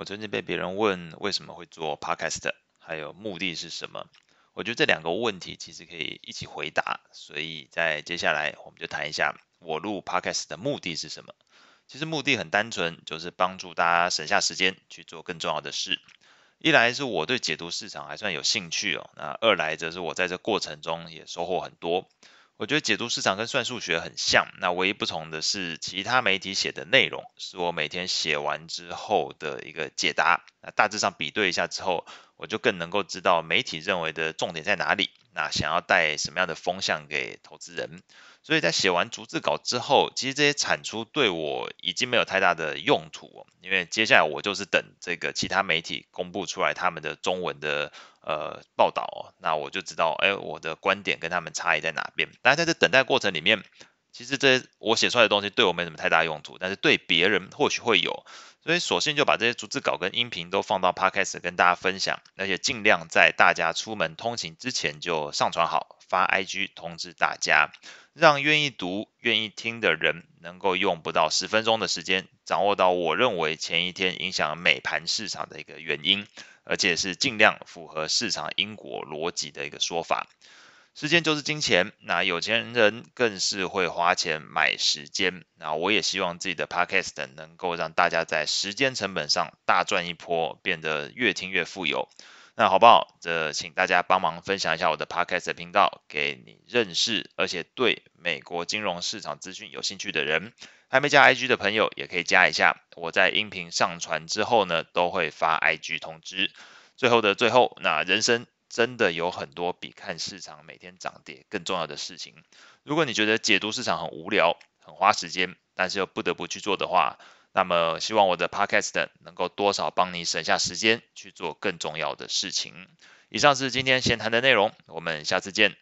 我最近被別人問為什麼會做 Podcast，還有目的是什麼？我覺得這兩個問題其實可以一起回答，所以在接下來我們就談一下我錄 Podcast 的目的是什麼。其實目的很單純，就是幫助大家省下時間去做更重要的事。一來是我對解讀市場還算有興趣哦，那二來則是我在這過程中也收穫很多。我覺得解讀市場跟算數學很像，那唯一不同的是，其他媒體寫的內容是我每天寫完之後的一個解答，那大致上比對一下之後，我就更能夠知道媒體認為的重點在哪裡，那想要帶什麼樣的風向給投資人。所以在寫完逐字稿之後，其實這些產出對我已經沒有太大的用途，因為接下來我就是等這個其他媒體公布出來他們的中文的呃報道，那我就知道哎、欸、我的觀點跟他們差異在哪邊。但在這等待過程裡面，其實這些我寫出來的東西對我沒什麼太大用途，但是對別人或許會有，所以索性就把這些逐字稿跟音頻都放到 Podcast 跟大家分享，而且盡量在大家出門通勤之前就上傳好，發 IG 通知大家，讓願意讀、願意聽的人能夠用不到十分鐘的時間，掌握到我認為前一天影響美盤市場的一個原因，而且是盡量符合市場因果邏輯的一個說法。時間就是金錢，那有錢人更是會花錢買時間。那我也希望自己的 Podcast 能夠讓大家在時間成本上大賺一波，變得越聽越富有。那好不好？這請大家幫忙分享一下我的 Podcast 頻道，給你認識，而且對美國金融市場資訊有興趣的人。還沒加 IG 的朋友也可以加一下。我在音頻上傳之後呢，都會發 IG 通知。最後的最後，那人生。真的有很多比看市場每天漲跌更重要的事情。如果你覺得解讀市場很無聊、很花時間，但是又不得不去做的話，那麼希望我的 Podcast 能夠多少幫你省下時間去做更重要的事情。以上是今天閒談的內容，我們下次見。